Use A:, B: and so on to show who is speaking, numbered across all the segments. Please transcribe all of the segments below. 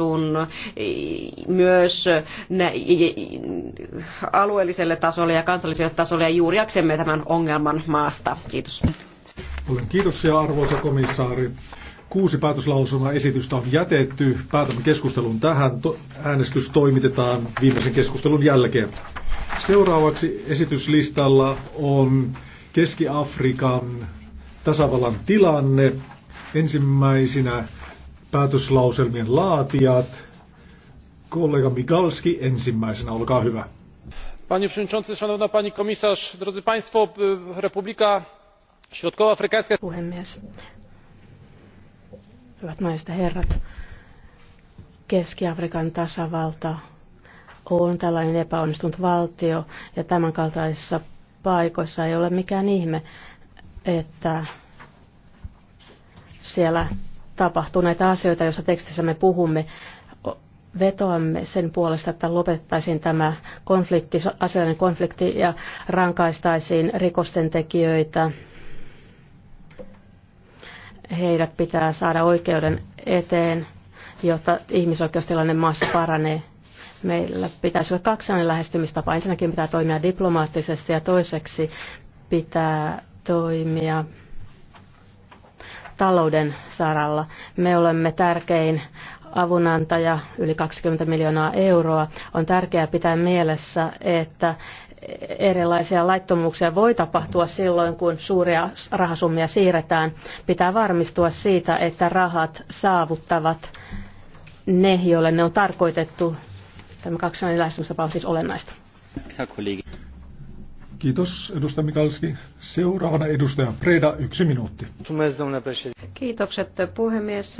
A: ratkaisun myös alueelliselle tasolle ja kansalliselle tasolle ja juuriaksemme tämän ongelman maasta. Kiitos.
B: Olen kiitoksia arvoisa komissaari. Kuusi päätöslausumaa esitystä on jätetty. Päätämme keskustelun tähän. Äänestys toimitetaan viimeisen keskustelun jälkeen. Seuraavaksi esityslistalla on Keski-Afrikan tasavallan tilanne. Ensimmäisinä päätöslauselmien laatijat. Kollega Migalski ensimmäisenä, olkaa hyvä. Panie przewodniczący, szanowna pani komisarz, drodzy państwo, Republika Środkowoafrykańska. Puhemies.
C: Hyvät naiset ja herrat. Keski-Afrikan tasavalta on tällainen epäonnistunut valtio ja tämän kaltaisissa paikoissa ei ole mikään ihme, että siellä tapahtuu näitä asioita, joissa tekstissä me puhumme. Vetoamme sen puolesta, että lopettaisiin tämä konflikti, asiallinen konflikti ja rankaistaisiin rikosten tekijöitä. Heidät pitää saada oikeuden eteen, jotta ihmisoikeustilanne maassa paranee meillä pitäisi olla kaksainen lähestymistapa. Ensinnäkin pitää toimia diplomaattisesti ja toiseksi pitää toimia talouden saralla. Me olemme tärkein avunantaja, yli 20 miljoonaa euroa. On tärkeää pitää mielessä, että erilaisia laittomuuksia voi tapahtua silloin, kun suuria rahasummia siirretään. Pitää varmistua siitä, että rahat saavuttavat ne, joille ne on tarkoitettu. Tämä kaksinainen lähestymistapa on siis olennaista.
B: Kiitos, edustaja Mikalski. Seuraavana edustaja Preda, yksi minuutti.
A: Kiitokset, puhemies.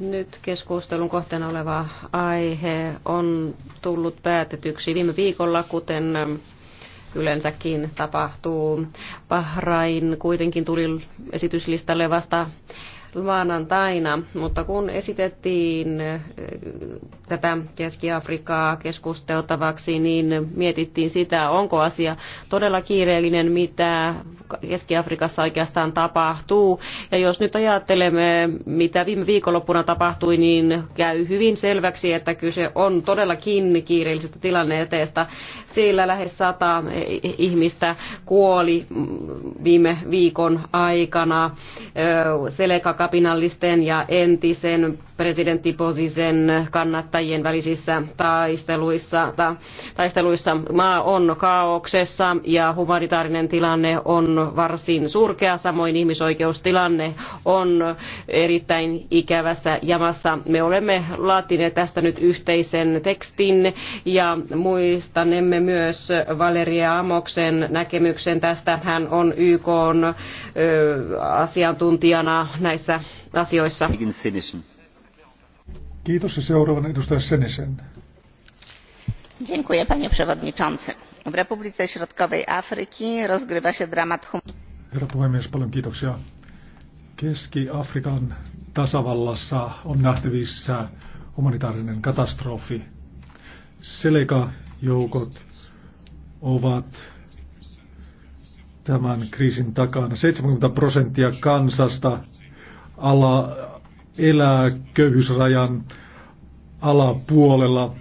A: Nyt keskustelun kohteena oleva aihe on tullut päätetyksi viime viikolla, kuten yleensäkin tapahtuu. Bahrain kuitenkin tuli esityslistalle vasta maanantaina, mutta kun esitettiin tätä Keski-Afrikaa keskusteltavaksi, niin mietittiin sitä, onko asia todella kiireellinen, mitä Keski-Afrikassa oikeastaan tapahtuu. Ja jos nyt ajattelemme, mitä viime viikonloppuna tapahtui, niin käy hyvin selväksi, että kyse on todellakin kiireellisestä tilanneeteesta. Siellä lähes sata ihmistä kuoli viime viikon aikana Seleka-kapinallisten ja entisen presidentti Posisen kannattajien välisissä taisteluissa. taisteluissa. Maa on kaauksessa ja humanitaarinen tilanne on on varsin surkea, samoin ihmisoikeustilanne on erittäin ikävässä jamassa. Me olemme laatineet tästä nyt yhteisen tekstin ja muistanemme myös Valeria Amoksen näkemyksen tästä. Hän on YK asiantuntijana näissä asioissa.
B: Kiitos ja seuraavan edustaja Senisen.
A: Dziękuję panie przewodniczący W Republice Środkowej Afryki rozgrywa się dramat
B: Herra puhemies, paljon kiitoksia. Keski-Afrikan tasavallassa on nähtävissä humanitaarinen katastrofi. Seleka-joukot ovat tämän kriisin takana. 70 prosenttia kansasta ala, elää köyhyysrajan alapuolella.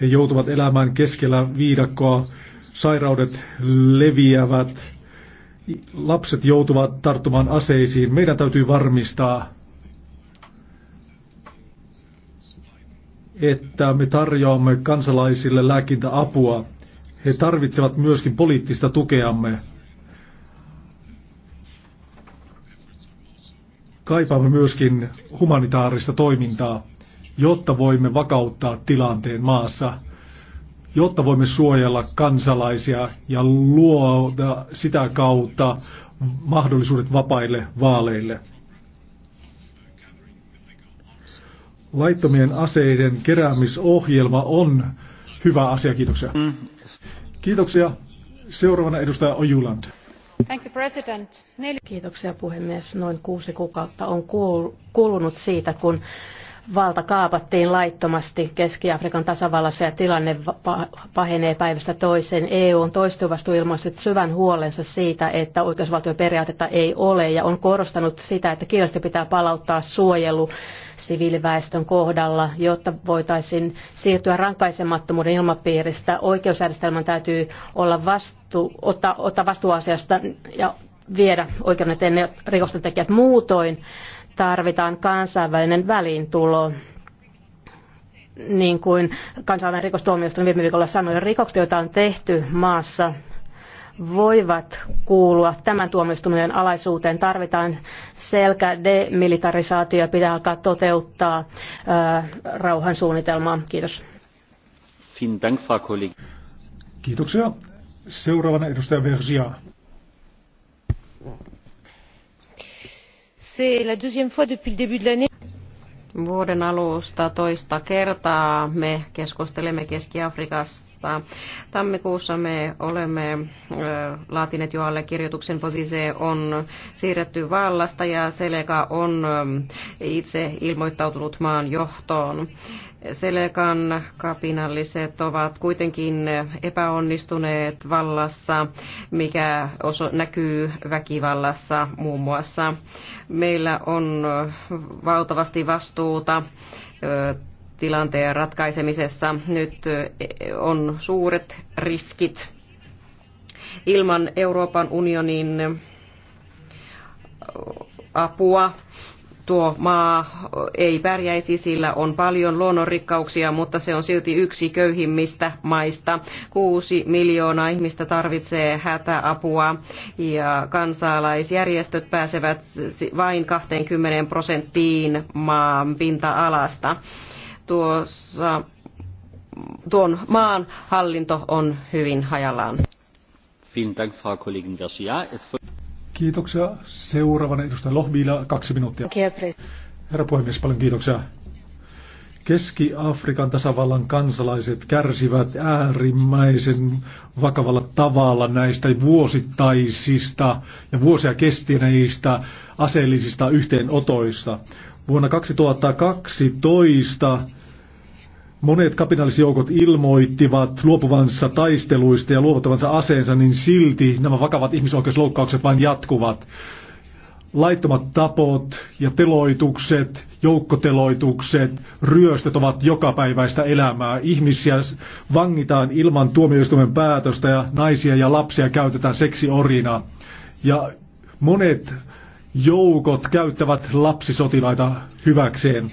B: He joutuvat elämään keskellä viidakkoa sairaudet leviävät, lapset joutuvat tarttumaan aseisiin. Meidän täytyy varmistaa, että me tarjoamme kansalaisille lääkintäapua. He tarvitsevat myöskin poliittista tukeamme. Kaipaamme myöskin humanitaarista toimintaa, jotta voimme vakauttaa tilanteen maassa jotta voimme suojella kansalaisia ja luoda sitä kautta mahdollisuudet vapaille vaaleille. Laittomien aseiden keräämisohjelma on hyvä asia. Kiitoksia. Mm. Kiitoksia. Seuraavana edustaja Ojuland.
C: Kiitoksia puhemies. Noin kuusi kuukautta on kuulunut siitä, kun valta kaapattiin laittomasti Keski-Afrikan tasavallassa ja tilanne pahenee päivästä toiseen. EU on toistuvasti ilmoittanut syvän huolensa siitä, että oikeusvaltioperiaatetta ei ole ja on korostanut sitä, että kiireesti pitää palauttaa suojelu siviiliväestön kohdalla, jotta voitaisiin siirtyä rankaisemattomuuden ilmapiiristä. Oikeusjärjestelmän täytyy olla vastu, ottaa, ottaa vastuuasiasta ja viedä oikeuden eteen rikosten tekijät muutoin tarvitaan kansainvälinen väliintulo niin kuin kansainvälinen rikostuomioistuin viime viikolla sanoi, rikokset, joita on tehty maassa, voivat kuulua tämän tuomioistuimen alaisuuteen. Tarvitaan selkä demilitarisaatio ja pitää alkaa toteuttaa ää, äh, rauhansuunnitelmaa. Kiitos.
B: Kiitoksia. Seuraavana edustaja Versia
A: c'est la deuxième fois depuis le début de l'année vuoden alusta toista kertaa me keskustelemme Keski-Afrikasta vastaan. Tammikuussa me olemme laatineet jo allekirjoituksen. Posise on siirretty vallasta ja Seleka on itse ilmoittautunut maan johtoon. Selekan kapinalliset ovat kuitenkin epäonnistuneet vallassa, mikä oso- näkyy väkivallassa muun muassa. Meillä on valtavasti vastuuta tilanteen ratkaisemisessa. Nyt on suuret riskit ilman Euroopan unionin apua tuo maa ei pärjäisi, sillä on paljon luonnonrikkauksia, mutta se on silti yksi köyhimmistä maista. Kuusi miljoonaa ihmistä tarvitsee hätäapua ja kansalaisjärjestöt pääsevät vain 20 prosenttiin maan pinta-alasta tuossa, tuon maan hallinto on hyvin hajallaan.
B: Kiitoksia. Seuraavana edustaja Lohbila, kaksi minuuttia. Herra puhemies, paljon kiitoksia. Keski-Afrikan tasavallan kansalaiset kärsivät äärimmäisen vakavalla tavalla näistä vuosittaisista ja vuosia kestineistä aseellisista yhteenotoista. Vuonna 2012 monet kapinallisjoukot ilmoittivat luopuvansa taisteluista ja luovuttavansa aseensa, niin silti nämä vakavat ihmisoikeusloukkaukset vain jatkuvat. Laittomat tapot ja teloitukset, joukkoteloitukset, ryöstöt ovat jokapäiväistä elämää. Ihmisiä vangitaan ilman tuomioistuimen päätöstä ja naisia ja lapsia käytetään seksiorina. Ja monet joukot käyttävät lapsisotilaita hyväkseen.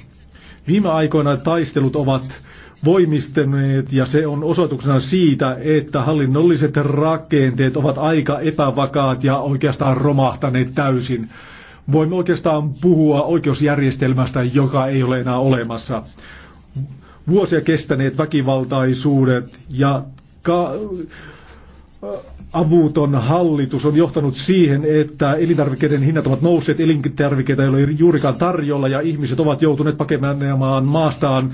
B: Viime aikoina taistelut ovat voimistuneet ja se on osoituksena siitä, että hallinnolliset rakenteet ovat aika epävakaat ja oikeastaan romahtaneet täysin. Voimme oikeastaan puhua oikeusjärjestelmästä, joka ei ole enää olemassa. Vuosia kestäneet väkivaltaisuudet ja ka- avuton hallitus on johtanut siihen, että elintarvikkeiden hinnat ovat nousseet, elintarvikkeita ei ole juurikaan tarjolla ja ihmiset ovat joutuneet pakemaan maastaan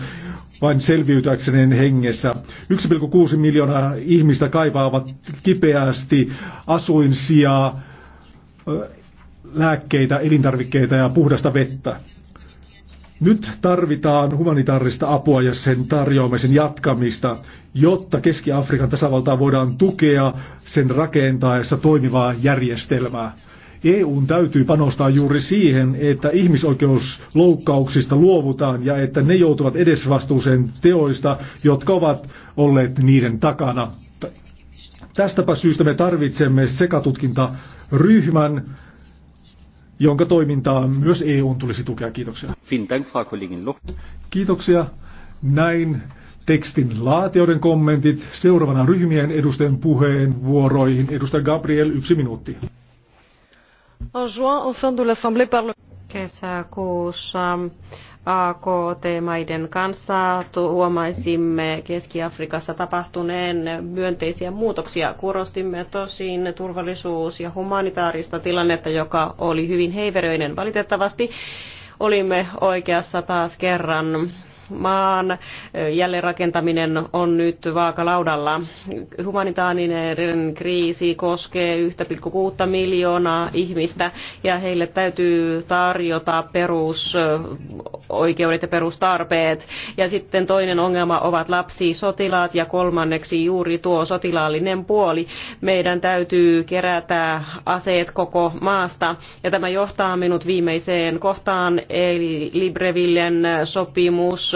B: vain selviytyäkseen hengessä. 1,6 miljoonaa ihmistä kaipaavat kipeästi asuinsia, lääkkeitä, elintarvikkeita ja puhdasta vettä. Nyt tarvitaan humanitaarista apua ja sen tarjoamisen jatkamista, jotta Keski-Afrikan tasavaltaa voidaan tukea sen rakentaessa toimivaa järjestelmää. EUn täytyy panostaa juuri siihen, että ihmisoikeusloukkauksista luovutaan ja että ne joutuvat edesvastuuseen teoista, jotka ovat olleet niiden takana. Tästäpä syystä me tarvitsemme sekatutkintaryhmän, jonka toimintaa myös EUn tulisi tukea. Kiitoksia. Kiitoksia. Näin tekstin laatioiden kommentit. Seuraavana ryhmien edustajien puheenvuoroihin. Edustaja Gabriel, yksi minuutti.
A: Kesäkuussa AKT-maiden kanssa huomaisimme Keski-Afrikassa tapahtuneen myönteisiä muutoksia. Korostimme tosin turvallisuus- ja humanitaarista tilannetta, joka oli hyvin heiveröinen valitettavasti. Olimme oikeassa taas kerran maan jälleenrakentaminen on nyt vaakalaudalla. Humanitaarinen kriisi koskee 1,6 miljoonaa ihmistä ja heille täytyy tarjota perusoikeudet ja perustarpeet. Ja sitten toinen ongelma ovat lapsi, sotilaat ja kolmanneksi juuri tuo sotilaallinen puoli. Meidän täytyy kerätä aseet koko maasta ja tämä johtaa minut viimeiseen kohtaan eli Librevillen sopimus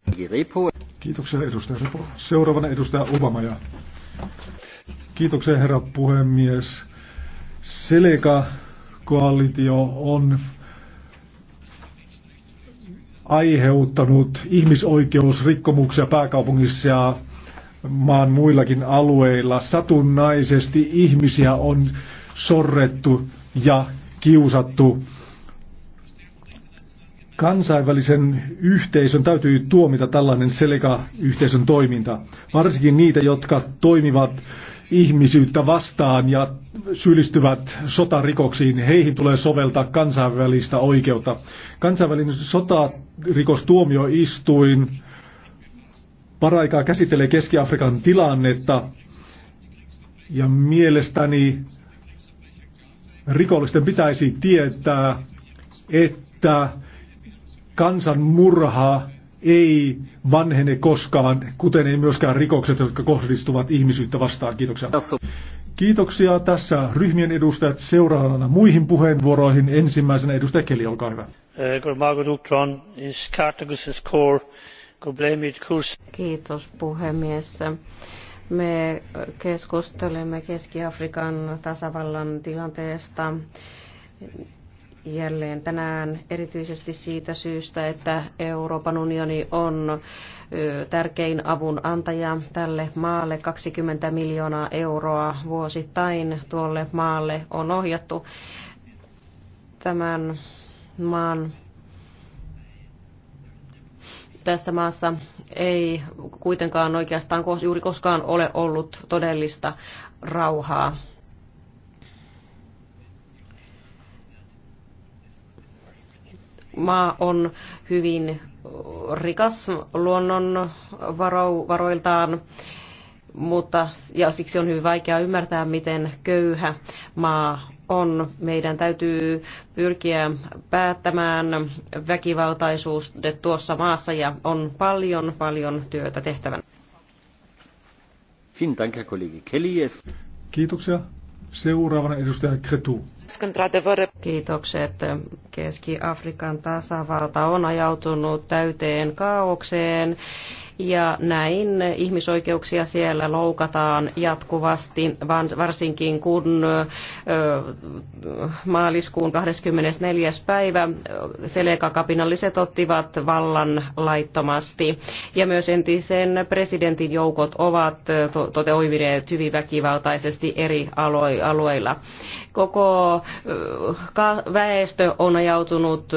B: Kiitoksia edustaja Seuraavana edustaja Obama ja Kiitoksia herra puhemies. Seleka-koalitio on aiheuttanut ihmisoikeusrikkomuksia pääkaupungissa ja maan muillakin alueilla. Satunnaisesti ihmisiä on sorrettu ja kiusattu. Kansainvälisen yhteisön täytyy tuomita tällainen Seleka-yhteisön toiminta, varsinkin niitä, jotka toimivat ihmisyyttä vastaan ja syyllistyvät sotarikoksiin, heihin tulee soveltaa kansainvälistä oikeutta. Kansainvälinen sotarikostuomioistuin paraikaa käsittelee Keski-Afrikan tilannetta ja mielestäni rikollisten pitäisi tietää, että kansan murha ei vanhene koskaan, kuten ei myöskään rikokset, jotka kohdistuvat ihmisyyttä vastaan. Kiitoksia. Kiitoksia. Tässä ryhmien edustajat seuraavana muihin puheenvuoroihin. Ensimmäisenä edustaja Keli, olkaa hyvä.
C: Kiitos puhemies.
A: Me keskustelemme Keski-Afrikan tasavallan tilanteesta jälleen tänään erityisesti siitä syystä, että Euroopan unioni on tärkein avun antaja tälle maalle. 20 miljoonaa euroa vuosittain tuolle maalle on ohjattu tämän maan tässä maassa ei kuitenkaan oikeastaan juuri koskaan ole ollut todellista rauhaa maa on hyvin rikas luonnon varoiltaan, mutta ja siksi on hyvin vaikea ymmärtää, miten köyhä maa on. Meidän täytyy pyrkiä päättämään väkivaltaisuus tuossa maassa ja on paljon, paljon työtä tehtävänä.
B: Kiitoksia. Seuraavana edustaja Kretu.
A: Kiitokset. Keski-Afrikan tasavalta on ajautunut täyteen kaaukseen ja näin ihmisoikeuksia siellä loukataan jatkuvasti, varsinkin kun maaliskuun 24. päivä Seleka-kapinalliset ottivat vallan laittomasti. Ja myös entisen presidentin joukot ovat toteutuneet hyvin väkivaltaisesti eri alueilla. Koko väestö on ajautunut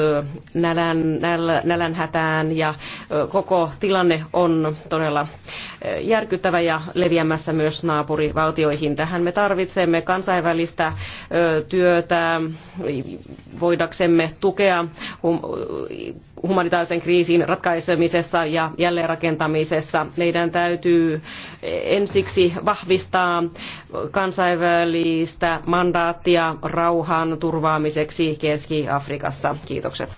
A: nälän, nälänhätään ja koko tilanne on on todella eh, järkyttävä ja leviämässä myös naapurivaltioihin. Tähän me tarvitsemme kansainvälistä eh, työtä voidaksemme tukea humanitaarisen kriisin ratkaisemisessa ja jälleenrakentamisessa. Meidän täytyy ensiksi vahvistaa kansainvälistä mandaattia rauhan turvaamiseksi Keski-Afrikassa. Kiitokset.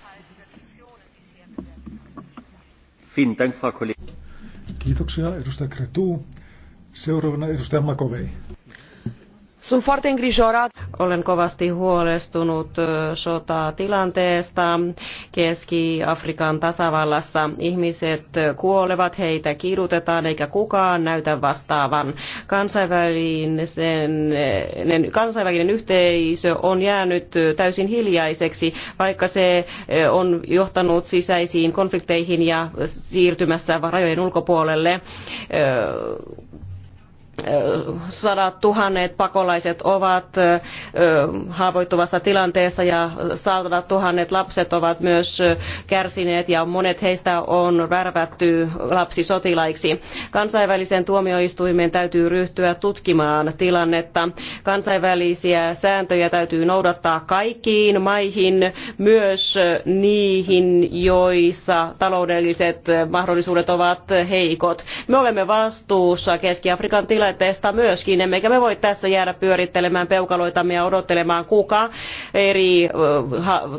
B: Kiitoksia, edustaja Kretu. Seuraavana edustaja Makovei.
A: Olen kovasti huolestunut sotatilanteesta Keski-Afrikan tasavallassa. Ihmiset kuolevat, heitä kidutetaan eikä kukaan näytä vastaavan. Kansainvälinen, kansainvälinen yhteisö on jäänyt täysin hiljaiseksi, vaikka se on johtanut sisäisiin konflikteihin ja siirtymässä rajojen ulkopuolelle sadat tuhannet pakolaiset ovat haavoittuvassa tilanteessa ja sadat tuhannet lapset ovat myös kärsineet ja monet heistä on värvätty lapsisotilaiksi. Kansainvälisen tuomioistuimen täytyy ryhtyä tutkimaan tilannetta. Kansainvälisiä sääntöjä täytyy noudattaa kaikkiin maihin, myös niihin, joissa taloudelliset mahdollisuudet ovat heikot. Me olemme vastuussa Keski-Afrikan tilanteesta tilanteesta myöskin, emmekä me voi tässä jäädä pyörittelemään peukaloitamme ja odottelemaan kuka eri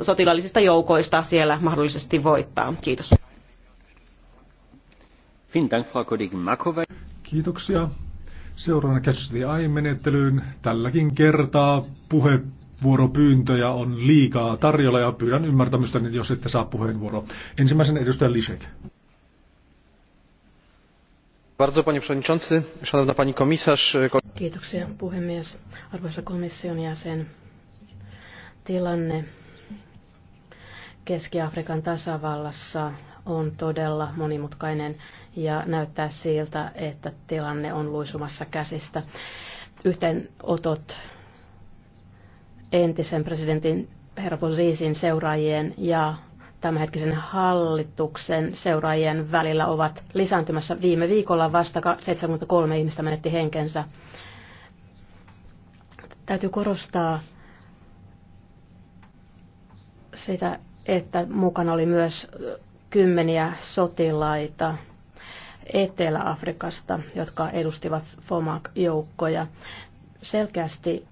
A: sotilaallisista joukoista siellä mahdollisesti voittaa. Kiitos.
B: Kiitoksia. Seuraavana käsitellään menettelyyn Tälläkin kertaa puheenvuoropyyntöjä on liikaa tarjolla ja pyydän ymmärtämystä, jos ette saa puheenvuoroa. Ensimmäisen edustaja Lisek.
C: Kiitoksia puhemies. Arvoisa komission jäsen, tilanne Keski-Afrikan tasavallassa on todella monimutkainen ja näyttää siltä, että tilanne on luisumassa käsistä. Yhteenotot entisen presidentin herra Bozizin seuraajien ja tämänhetkisen hallituksen seuraajien välillä ovat lisääntymässä. Viime viikolla vasta 73 ihmistä menetti henkensä. Täytyy korostaa sitä, että mukana oli myös kymmeniä sotilaita Etelä-Afrikasta, jotka edustivat FOMAC-joukkoja. Selkeästi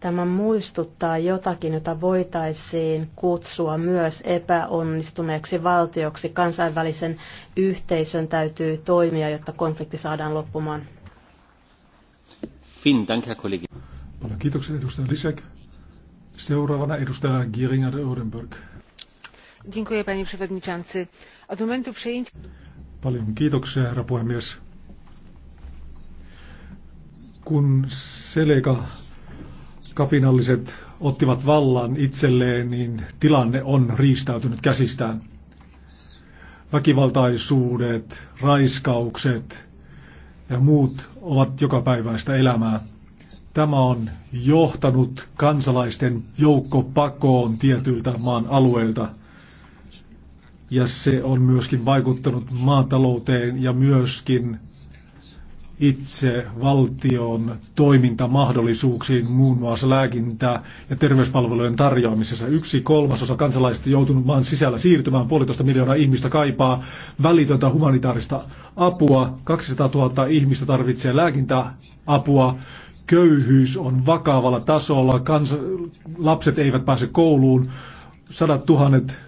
C: Tämä muistuttaa jotakin, jota voitaisiin kutsua myös epäonnistuneeksi valtioksi. Kansainvälisen yhteisön täytyy toimia, jotta konflikti saadaan loppumaan.
B: Paljon kiitoksia edustaja Lisek. Seuraavana edustaja Giringer Odenberg.
D: Dziękuję panie przewodniczący. Od momentu przejęcia...
B: Paljon kiitoksia herra puhemies. Kun Selega kapinalliset ottivat vallan itselleen, niin tilanne on riistäytynyt käsistään. Väkivaltaisuudet, raiskaukset ja muut ovat jokapäiväistä elämää. Tämä on johtanut kansalaisten joukkopakoon tietyiltä maan alueilta. Ja se on myöskin vaikuttanut maatalouteen ja myöskin itse valtion toimintamahdollisuuksiin, muun muassa lääkintää ja terveyspalvelujen tarjoamisessa. Yksi kolmasosa kansalaisista joutunut maan sisällä siirtymään, puolitoista miljoonaa ihmistä kaipaa välitöntä humanitaarista apua, 200 000 ihmistä tarvitsee lääkintäapua, köyhyys on vakavalla tasolla, Kans- lapset eivät pääse kouluun, sadat tuhannet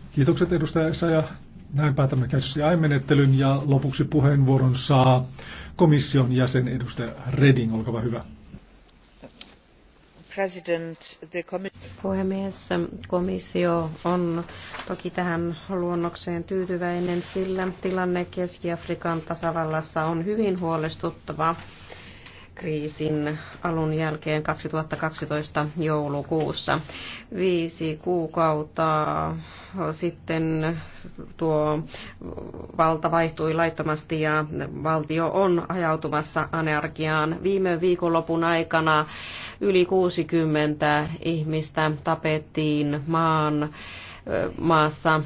B: Kiitokset edustaja Esa ja näin päätämme aimenettelyn ja lopuksi puheenvuoron saa komission jäsen edustaja Reding. Olkaa hyvä.
E: Puhemies,
A: komissio on toki tähän luonnokseen tyytyväinen, sillä tilanne Keski-Afrikan tasavallassa on hyvin huolestuttava kriisin alun jälkeen 2012 joulukuussa. Viisi kuukautta sitten tuo valta vaihtui laittomasti ja valtio on ajautumassa anarkiaan. Viime viikonlopun aikana yli 60 ihmistä tapettiin maan maassa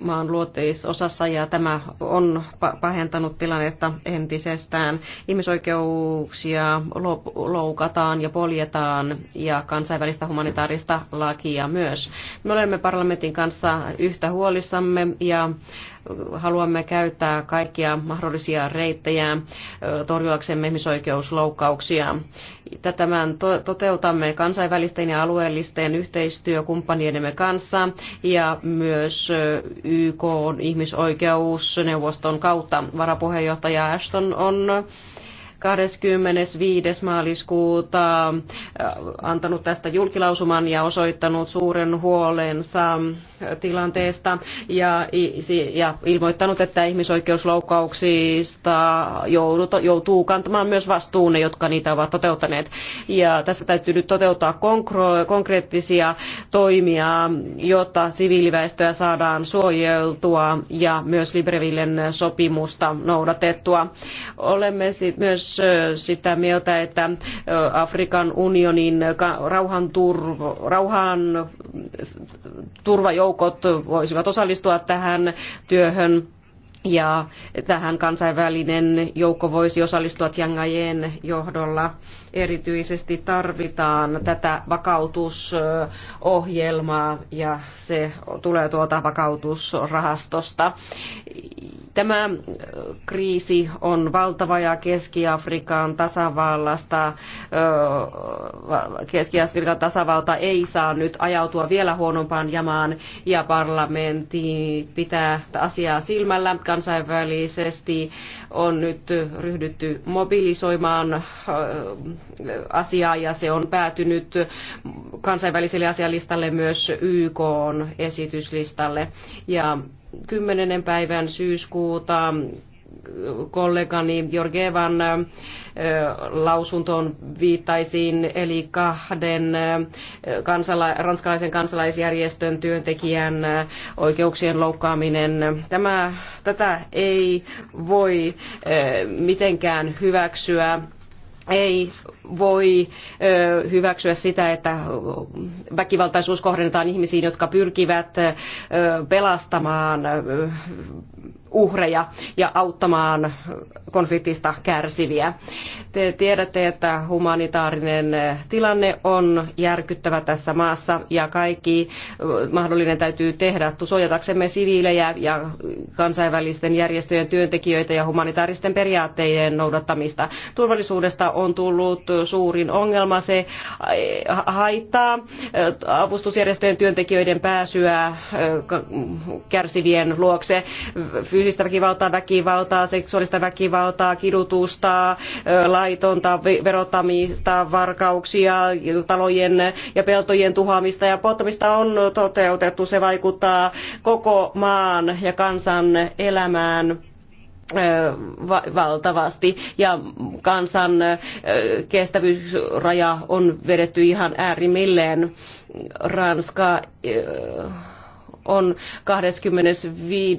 A: maan luoteisosassa ja tämä on pahentanut tilannetta entisestään. Ihmisoikeuksia loukataan ja poljetaan ja kansainvälistä humanitaarista lakia myös. Me olemme parlamentin kanssa yhtä huolissamme ja haluamme käyttää kaikkia mahdollisia reittejä torjuaksemme ihmisoikeusloukkauksia. Tämän toteutamme kansainvälisten ja alueellisten yhteistyökumppanienemme kanssa ja myös YK on ihmisoikeusneuvoston kautta. Varapuheenjohtaja Ashton on 25. maaliskuuta äh, antanut tästä julkilausuman ja osoittanut suuren huolensa äh, tilanteesta ja, ja ilmoittanut, että ihmisoikeusloukkauksista joutuu kantamaan myös vastuun ne, jotka niitä ovat toteuttaneet. Ja tässä täytyy nyt toteuttaa konkreettisia toimia, jotta siviiliväestöä saadaan suojeltua ja myös Librevillen sopimusta noudatettua. Olemme myös sitä mieltä, että Afrikan unionin rauhan, turvajoukot voisivat osallistua tähän työhön ja tähän kansainvälinen joukko voisi osallistua Tiangajen johdolla erityisesti tarvitaan tätä vakautusohjelmaa ja se tulee tuolta vakautusrahastosta. Tämä kriisi on valtava ja Keski-Afrikan tasavallasta, Keski-Afrikan tasavalta ei saa nyt ajautua vielä huonompaan jamaan ja parlamentti pitää asiaa silmällä kansainvälisesti on nyt ryhdytty mobilisoimaan äh, asiaa ja se on päätynyt kansainväliselle asialistalle myös YK esityslistalle. Ja 10. päivän syyskuuta kollegani Georgievan lausuntoon viittaisin, eli kahden kansala- ranskalaisen kansalaisjärjestön työntekijän oikeuksien loukkaaminen. Tämä, tätä ei voi mitenkään hyväksyä ei voi hyväksyä sitä, että väkivaltaisuus kohdennetaan ihmisiin, jotka pyrkivät pelastamaan uhreja ja auttamaan konfliktista kärsiviä. Te tiedätte, että humanitaarinen tilanne on järkyttävä tässä maassa ja kaikki eh, mahdollinen täytyy tehdä suojataksemme siviilejä ja kansainvälisten järjestöjen työntekijöitä ja humanitaaristen periaatteiden noudattamista. Turvallisuudesta on tullut suurin ongelma. Se eh, haittaa eh, avustusjärjestöjen työntekijöiden pääsyä kärsivien luokse fyysistä väkivaltaa, väkivaltaa, seksuaalista väkivaltaa, kidutusta, laitonta verottamista, varkauksia, talojen ja peltojen tuhoamista ja polttamista on toteutettu. Se vaikuttaa koko maan ja kansan elämään valtavasti ja kansan kestävyysraja on vedetty ihan äärimmilleen. Ranska on 25.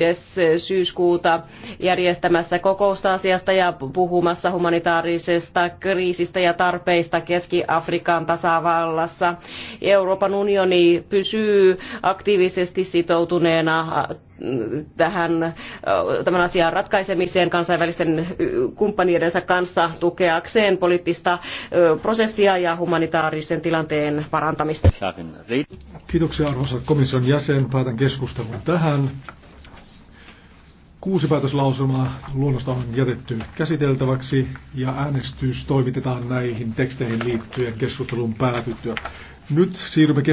A: syyskuuta järjestämässä kokousta asiasta ja puhumassa humanitaarisesta kriisistä ja tarpeista Keski-Afrikan tasavallassa. Euroopan unioni pysyy aktiivisesti sitoutuneena tähän tämän asian ratkaisemiseen kansainvälisten kumppaniidensa kanssa tukeakseen poliittista prosessia ja humanitaarisen tilanteen parantamista.
B: Kiitoksia arvoisa komission jäsen. Päätän keskustelun tähän. Kuusi päätöslausumaa luonnosta on jätetty käsiteltäväksi ja äänestys toimitetaan näihin teksteihin liittyen keskustelun päätyttyä. Nyt siirrymme